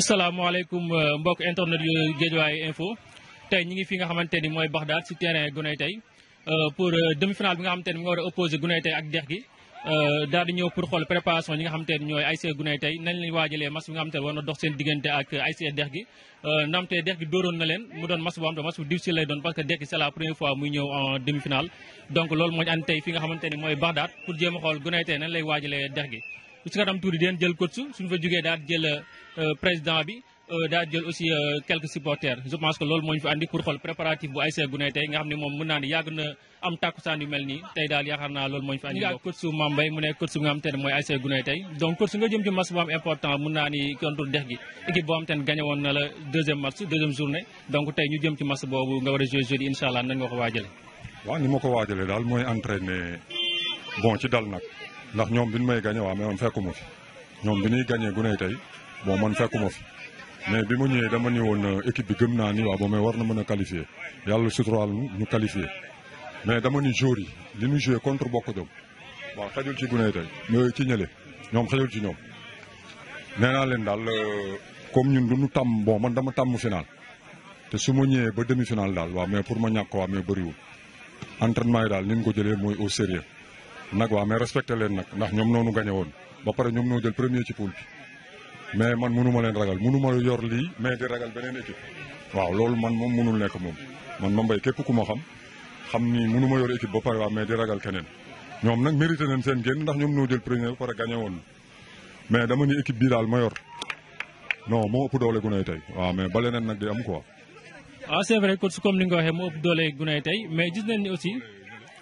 asalaamaaleykum euh, mbokk internet yu Guédiawaye info tey ñi ngi fi nga xamante ni mooy Bagdad si terrain Guney tey euh, pour euh, demi-finale bi nga xamante ni mu nga war a opposé Guney tey ak dex gi daal di ñëw pour xool préparation ñi nga seen diggante ak ASC dex gi ndam dex gi dóoroon na leen mu doon match boo xam ne match bu difficile lay doon parce que dex gi c'est la première fois muy ñëw en demi-finale donc loolu moo ñu andi tey fi nga xamante ni mooy Bagdad pour jéem a xool Guney tey nañ lay waajalee dex gi si kanam tuuti deen Euh, président bi euh, da jël aussi euh, quelques supporters je pense que loolu moñ fi andi pour xol préparatif bu ASC e Guney tay nga xamni mom mën na ne yàgg na am tàkkusaan yu melni tay dal yakarna yaakaar moñ fi andi. ak coach Mame Mbaye mu nekk coach nga am tane moy mooy ASC e tay donc coach nga jëm ci match bu am important mën na ni contre dex gi équipe bu am tane ne gagné woon na la deuxième match deuxième journée donc tay ñu jëm ci match bobu nga wara jouer jeudi inshallah allah nga ko waajale wa ni mako ko dal moy mooy entraîner bon ci dal nak ndax ñom bi may gagné wa mais man fekkuma fi ñoom bi ñuy gagné Guney tey bon man fekkuma fi mais bi ma ñëwee dama ni woon euh, équipe bi gëm naa ni waa boo mais war na mën a qualifier yàlla suturaal ñu qualifier mais dama ni joueurs yi li ñu joué contre bokk jom waaw xajul ci gune tey ñooy ci ñële ñoom xajul ci ñoom nee naa leen daal euh, comme ñun du ñu tàmm boo man dama tàmm final te su ma ñëwee ba demi final daal waaw mais pour ma ñàkk waa mais bëriwul entraînement yi daal ni ñu ko jëlee mooy au sérieux nag waa mais respecté leen nag ndax ñoom noonu gagné woon ba pare ñoom ñoo jël premier ci poule bi mais man mënu ma leen ragal mënu ma yor lii mais di ragal beneen équipe waaw loolu man moom mënul nekk moom man ma mbay képp ku ma xam xam ni mënu ma yor équipe ba pare waaw mais di ragal keneen ñoom nag mérité nañ seen génn ndax ñoom ñoo jël premier ba pare gagné woon mais dama ni équipe bii daal ma yor noo moo ëpp doole gunóor tey waaw mais ba leneen nag di am quoi. waaw ah, c'est vrai comme ni nga ko waxee moo ëpp doole gunóor tey mais gis nañ ni aussi.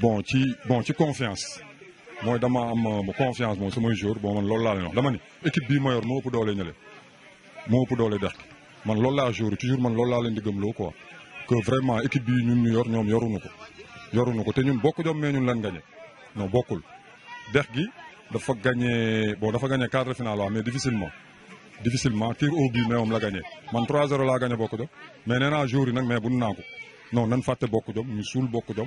bon ci bon ci confiance mooy dama am euh, confiance moom samay jour bon man loolu la leen wax dama ni équipe bi ma yor moo ëpp doole ñële moo ëpp doole dex man loolu la jour toujours man loolu la leen di gëmloo quoi que vraiment équipe bi ñun ñu yor ñoom yoruñu ko yoruñu ko te ñun bokku jom mais ñun lan gagné non bokul def gi dafa gagné bon dafa gagné quart de finale waaw mais difficilement difficilement tir au but mais moom la gagné man 3-0 la gagné bokku jom mais néna jour yi nag mais buñ nako non nan faté bokku jom ñu sul bokku jom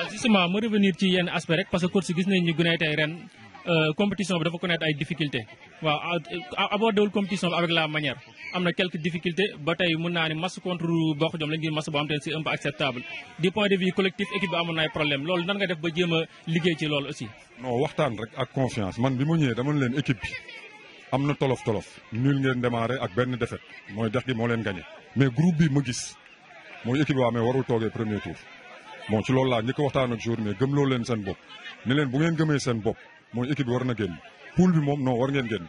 Euh, justement ma revenir ci yenn aspect rek parce que coach gis nañ ni Guinée tey ren euh, compétition bi dafa connaître ay difficulté waaw abordé wul compétition bi avec la manière am na quelques difficultés ba tey mën naa ne match contre Bokk Jom la ñu gis match boo xam te ne c'est un peu acceptable du point de vue collectif équipe bi amoon na ay problème loolu nan nga def ba jéem a liggéey ci loolu aussi non waxtaan rek ak confiance man bi mu ñëwee dama leen équipe bi am na benn défaite mooy dex gi moo leen gagné mais groupe bi ma gis mooy équipe waa mais warul toogee premier tour bon ci loolu laa ñi ko waxtaan ak jour mais gëm loolu leen seen bopp ne leen bu ngeen gëmee seen bopp mooy équipe bi war na génn poule bi moom non war ngeen génn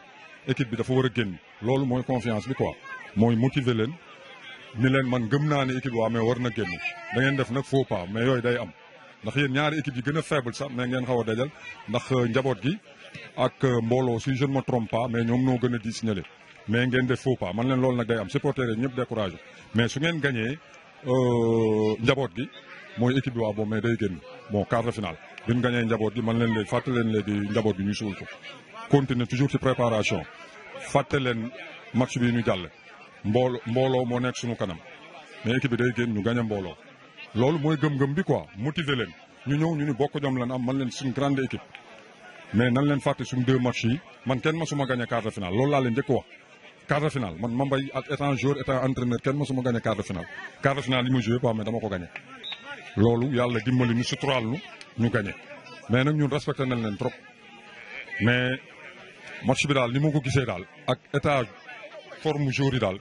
équipe bi dafa war a génn loolu mooy confiance bi quoi mooy motiver leen ni leen man gëm naa ne équipe waa mais war na génn da ngeen def nag faux pas mais yooyu day am ndax yéen ñaari équipe yi gën a faible sax mais ngeen xaw a dajal ndax euh, njaboot gi ak euh, mbooloo si je ne me trompe pas mais ñoom noo gën a di mais ngeen def faux pas man leen loolu nag day am supporter yi ñëpp découragé mais su ngeen gañee euh, njaboot gi mooy équipe bi waa boobu mais day génn moo quart de bi ñu gañee njaboot gi man leen léegi fàtte leen léegi njaboot bi ñu suul ko continuer toujours ci préparation fàtte leen match bi ñu jàll mbooloo moo nekk suñu kanam mais équipe bi day génn ñu gañe mbooloo loolu mooy gëm-gëm bi quoi motiver leen ñu ñëw ñu ni bokk jom am man leen suñu grande équipe mais nan leen fàtte suñu deux matchs yi man kenn ma suma gañe quart loolu laa leen njëkk wax quart de finale man Mbaye ak étant joueur étant entraîneur kenn ma suma gañe quart de finale quart de finale yi ma joué quoi mais dama ko gañe loolu yàlla dimbali ñu suturaal ñu ñu gagné mais nag ñun respecté nañ leen trop mais match bi daal ni ma ko gisee daal ak état forme jour yi daal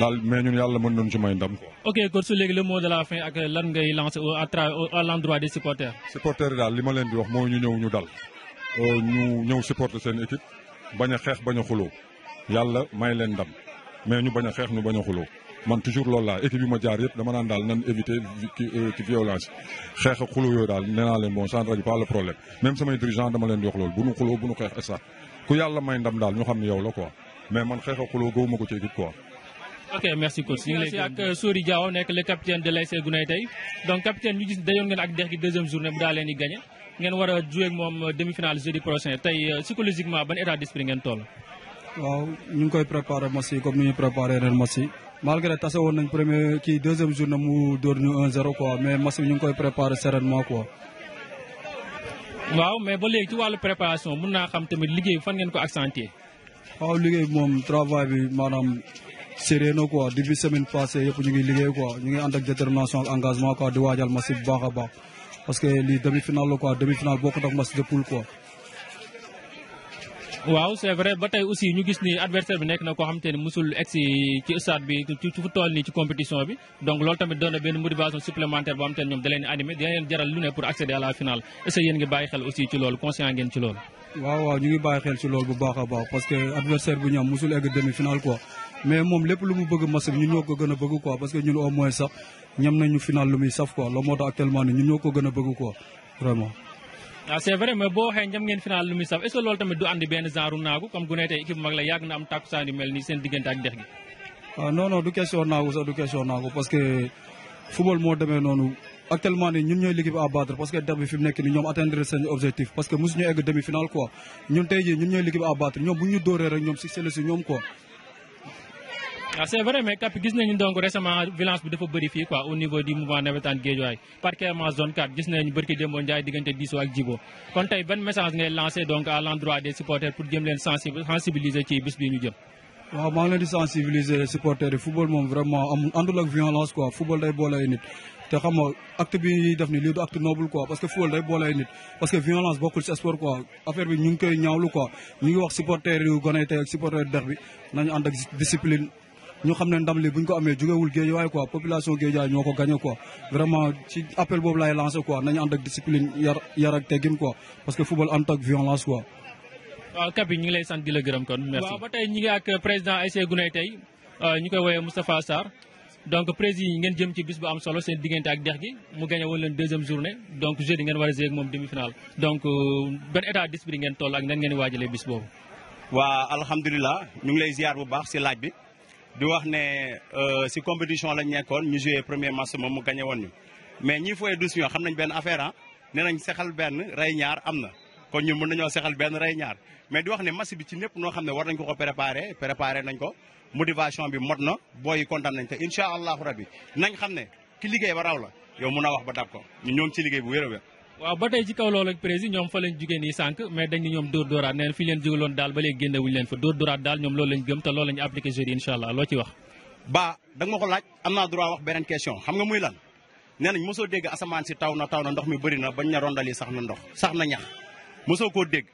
daal mais ñun yàlla mën nañu ci may ndam quoi. ok kon su léegi le mot de fin ak lan ngay lancer à tra à l'endroit des supporters. supporters yi daal li ma leen di wax mooy ñu ñëw ñu dal euh, ñu ñëw supporter seen équipe bañ a xeex bañ a xuloo yàlla may leen ndam mais ñu bañ a xeex ñu bañ xuloo. man toujours loolu laa équipe bi ma jaar yépp dama nan dal nan éviter euh, ki violence xeex ak yo dal daal nee bon centre ne règle pas le problème même sama dirigeant dama len di wax loolu bu nu xuloo bu nu xeex sax ku yàlla may ndam dal ñu xam yow la quoi mais man xeex ak xulo ci équipe quoi. ok merci coach ñu ngi lay ak euh, Sori Diaw nekk le capitaine de l'ASC Guney tey donc capitaine ñu gis dajoon ngeen ak dex gi deuxième journée bu daa gagner. di gagné jouer war ak moom euh, demi-finale jeudi prochain tey psychologiquement ban état d'esprit ngeen toll. waaw ñu koy préparé match yi comme ni ñu préparé ren match yi malgré tase woon nañ premier kii deuxième journée mu dóor ñu 1-0 quoi mais match bi ñu ngi koy préparer sereinement quoi. waaw mais ba léegi ci wàllu préparation mun naa xam tamit liggéey fan ngeen ko ak accentuer. waaw liggéey bi moom travail bi maanaam sérieux na quoi depuis semaine passée yëpp ñu ngi liggéey quoi ñu ngi ànd ak détermination engagement quoi di waajal match bu baax a baax parce que lii demi-finale la demi-finale bokkut ak match de poule waaw c'est vrai ba tey aussi ñu gis ni adversaire bi nekk na koo xam te ne musul ci stade bi ci fu toll nii ci compétition bi donc loolu tamit doon na benn motivation supplémentaire boo xam te ñoom da animé dina jaral lu ne pour accéder à la finale est-ce ngi bàyyi xel aussi ci loolu conscient ngeen ci loolu waaw waaw ñu ngi bàyyi xel ci loolu bu baax baax parce adversaire bu ñu am musul egg demi finale quoi mais moom lépp lu mu bëgg match bi ñun ñoo ko gën a bëgg quoi parce ko a bëgg waaw ah, c' est vrai mais boo waxee njam ngeen final lu muy saf est loolu tamit du andi benn genre naagu comme Guney tey équipe mag la yàgg na am takkusaan yu mel nii seen diggante ak dex gi. waaw ah, non non du question sax du question naagu parce que football moo demee noonu actuellement nii ñun ñooy l'équipe à battre parce dex bi fi nekk nii ñoom atteindre seen objectif parce que mosuñu egg demi final quoi ñun tey jii ñun ñooy l'équipe à battre ñoom bu ñu dóoree rek ñoom si c'est si ñoom waaw ah, c' est vrai mais cap gis nañu violence bi dafa bëri fii quoi au niveau du mouvement navétane Guédiawaye particulièrement zone 4 gis nañu barki démboo Ndiaye diggante Disso ak Djibo kon tey ban message ngay lancé donc à l' endroit des supporters pour jëm leen sensibiliser ci bis bi ñu jëm waaw maa ngi leen di sensibiliser supporters yi football moom vraiment am àndul ak violence quoi football day boole nit te xam nga ñu xam ne ndam li bu ñu ko amee jógewul géejawaay quoi population géejawaay ñoo ko gagné quoi vraiment ci appel boobu laay lancé quoi nañu ànd ak discipline yar yar ak teggin quoi parce que football ànd ak violence quoi. waaw Kapi ñu ngi lay sant di la gërëm kon. merci waaw ba tey ñu ngi ak président ASC Guney tey euh, ñu koy woowee Moustapha Sarr donc président ngeen jëm ci bis bu am solo seen diggante ak dex gi mu gagné woon leen deuxième journée donc jeudi ngeen war a ak moom demi-finale donc ben état d'esprit ngeen toll ak nan ngeen waajalee bis boobu. waa alhamdulilah ñu ngi lay ziar bu baax si laaj bi. di wax ne euh, si compétition lañ nekkoon ñu joué premier match moom mu gagné woon ñu mais ñi fooyee douze millions xam nañ benn affaire ah nee nañ sexal benn rey ñaar am na kon ñu mën nañoo sexal benn rey ñaar mais di wax ne match bi ci ñëpp noo xam ne war nañ ko ko préparé préparé nañ ko motivation bi mot na booy yi kontaan nañ te incha allahu rabi nañ xam ne ki liggéey ba raw la yow mun a wax ba dab ko ñu ñoo si ci liggéey bu wér a wér waaw ba tey ci kaw loolu ak président ñoom fa lañ jugee nii sànq mais dañ ni ñoom dóor dóoraat neen fi leen jugaloon daal ba léegi génne wuñ leen fa dóor dóoraat daal ñoom loolu lañ gëm te loolu lañ appliqué jeudi incha allah loo ci wax ba da nga ma ko laaj am naa droit wax beneen question xam nga muy lan nee nañ mosoo dégg asamaan si taw na taw na ndox mi bëri na bañ na rondali sax na ndox sax na ñax mosoo koo dégg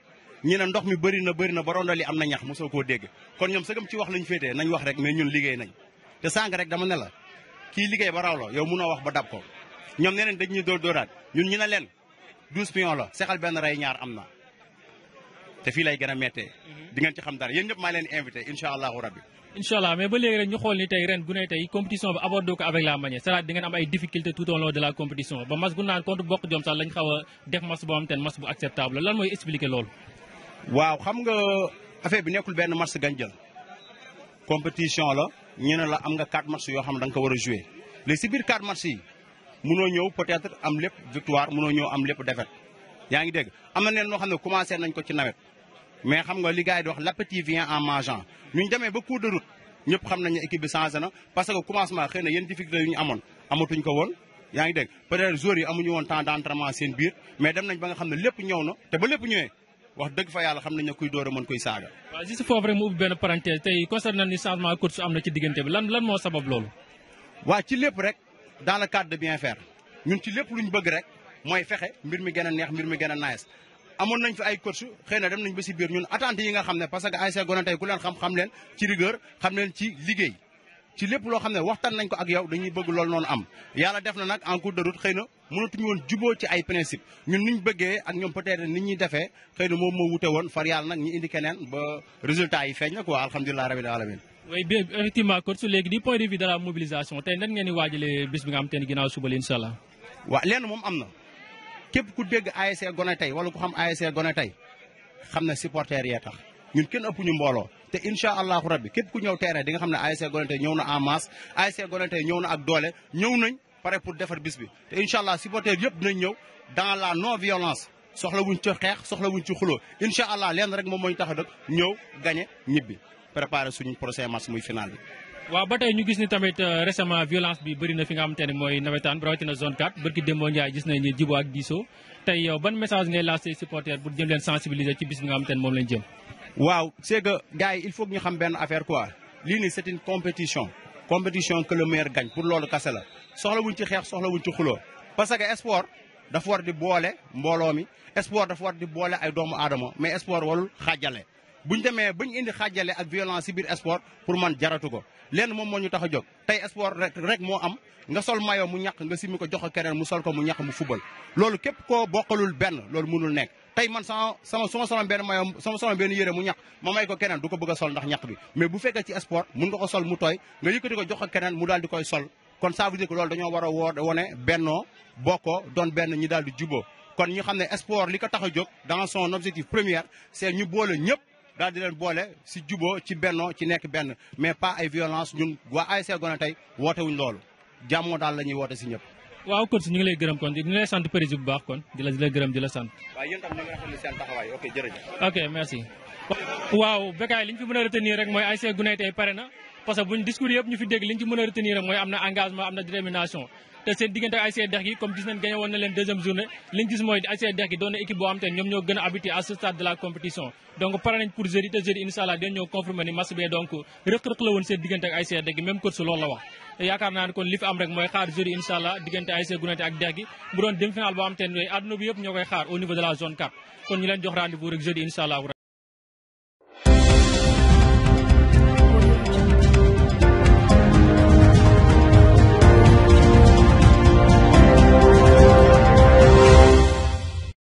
ñu ne ndox mi bëri na bëri na ba rondali am na ñax mosoo koo dégg kon ñoom sëgëm ci wax lañ féetee nañ wax rek mais ñun liggéey nañ te sànq rek dama ne la kii liggéey ba raw la yow munoo wax ba dab ko ñoom nee nañ dañ ñu dóor dóoraat ñun ñu ne leen douze pions la sexal benn rey ñaar am na te fii lay gën a méttee mhm. di ci xam dara yéen ñëpp maa leen invité incha allahu rabbi incha allah mais ba léegi rek ñu xool ni tey ren gu ne tey compétition bi abordé ko avec la manière cest à am ay difficultés tout au de la compétition ba mas gu naan contre bokk jom sax lañ xaw def mas boo xam te mas bu acceptable lan mooy expliquer loolu waaw xam nga affaire bi nekkul benn match gañ jël compétition la la am nga yoo xam da nga ko war yi mënoo ñëw peut-être am lépp victoire mënoo ñëw am lépp défaite yaa ngi dégg am na neen noo xam ne commencé nañ ko ci nawet mais xam nga li gars yi di wax l'appétit vient en mangeant ñu demee ba cours de xam nañu équipe bi changé na parce que commencement xëy na yenn difficulté yu ñu amoon amatuñ ko woon yaa ngi dégg peut-être yi amuñu woon temps d'entraînement seen biir mais dem nañ ba nga xam ne lépp ñëw na te ba lépp ñëwee wax dëgg fa yàlla xam nañ ne kuy door a mën kuy saaga. waaw juste foofu rek mu ubbi benn parenthèse tey concernant ni changement course am na ci diggante bi lan rek dans le cadre de bien faire ñun ci lépp lu ñu bëgg rek mooy fexe mbir mi gën a neex mbir mi gën a nice amoon nañ fi ay coach xëy na dem nañ ba si biir ñun attente yi nga xam ne parce que ASC Gone tey ku leen xam xam leen ci rigueur xam leen ci liggéey ci lépp loo xam ne waxtaan nañ ko ak yow dañuy bëgg loolu noonu am yàlla def na nag en cours xëy na mënatuñu woon juboo ci ay principe ñun niñ bëggee ak ñoom peut-être nit ñuy defee xëy na moom moo wute woon far nag ñu indi keneen ba résultat yi feeñ na quoi alhamdulilah rabil alamin oui bien effectivement kon su léegi du point de vue de la mobilisation tey nan ngeen di waajalee bis bi nga xam te ne ginnaaw suba la incha allah. waaw moom am na képp ku dégg ASC Gone tey wala ku xam ASC Gone tey xam na supporter yee tax ñun kenn ëpp ñu mbooloo te incha allahu bi képp ku ñëw terrain di nga xam ne ASC Gone tey ñëw na en masse ASC Gone tey ñëw na ak doole ñëw nañ pare pour defar bis bi te incha allah supporter yëpp dinañ ñëw dans la non violence. soxla wuñ ci xeex soxla wuñ ci xuloo incha allah leen rek moom moo tax a ñëw gañe ñibbi. préparer suñu procès mass muy final bi wa batay ñu gis ni tamit euh, récemment violence bi bari na fi nga xamante ne mooy nawetaan na zone 4 barki démboo Ndiaye gis na ñi djibo ak diisoo tay yow ban message ngay lancé supporter pour jëm len sensibiliser ci bis nga xamanteni mom moom lañ jëm waaw c'est que gaay il faut ñu xam ben affaire quoi li ni c'est une compétition compétition que le meilleur gagne pour lolu kase la wuñ ci xex soxla wuñ ci xulo parce que sport dafa war di bolé mbolo mi sport dafa war di bolé ay doomu adama mais sport walul xajalé bu démé demee indi xajalé ak violence si biir sport pour man jaratu ko lenn moom moo ñu tax a jóg sport rek mo am nga sol maillot mu ñak nga simi ko jox kenen mu sol ko mu ñak mu football loolu képp ko bokkalul ben loolu mënul nek tay man sama sama sama sama ben benn maillot sama soloon benn yére mu ñak ma may ko kenen du ko bëgg sol ndax ñak bi mais bu fekkee ci sport mun nga ko sol mu toy nga yëkëti ko jox kenen mu dal di koy sol kon ça veut dire que loolu dañoo wara a woo wone bennoo bokkoo doon benn ñi dal di jubo kon ñu xamné ne sport li ko tax a dans son objectif premier c'est ñu boole ñëpp daal di leen boole si juboo ci bennoo ci nekk benn mais pas ay violence ñun waa ASC Ngoné tey woote wuñ loolu jàmmoo daal la ñuy woote si ñëpp. waaw kon si ñu ngi lay gërëm kon di ñu lay sant président bu baax kon di la di la gërëm di la sant. waaw yéen tam ñu ngi rafetlu seen ok merci. waaw Bécaye li ñu fi mën a retenir rek mooy ASC Ngoné tey pare na parce que buñ discours yëpp ñu fi dégg li ñu ci mën a retenir rek mooy am na engagement am na détermination te seen diggante ak ASC Dex gi comme gis nañ gagné na leen deuxième journée liñ gis mooy ASC Dex gi doon na équipe boo xam te ñoom ñoo gën a habitué à ce de la compétition donc pare pour jeudi te jeudi incha allah ñoo confirmer ni match bi donc rëq-rëq la woon seen diggante ak ASC Dex gi même course loolu la wax yaakaar naa ne kon li fi am rek mooy xaar jeudi incha allah diggante ASC Gounaté ak Dex gi mu doon demi-finale boo xam te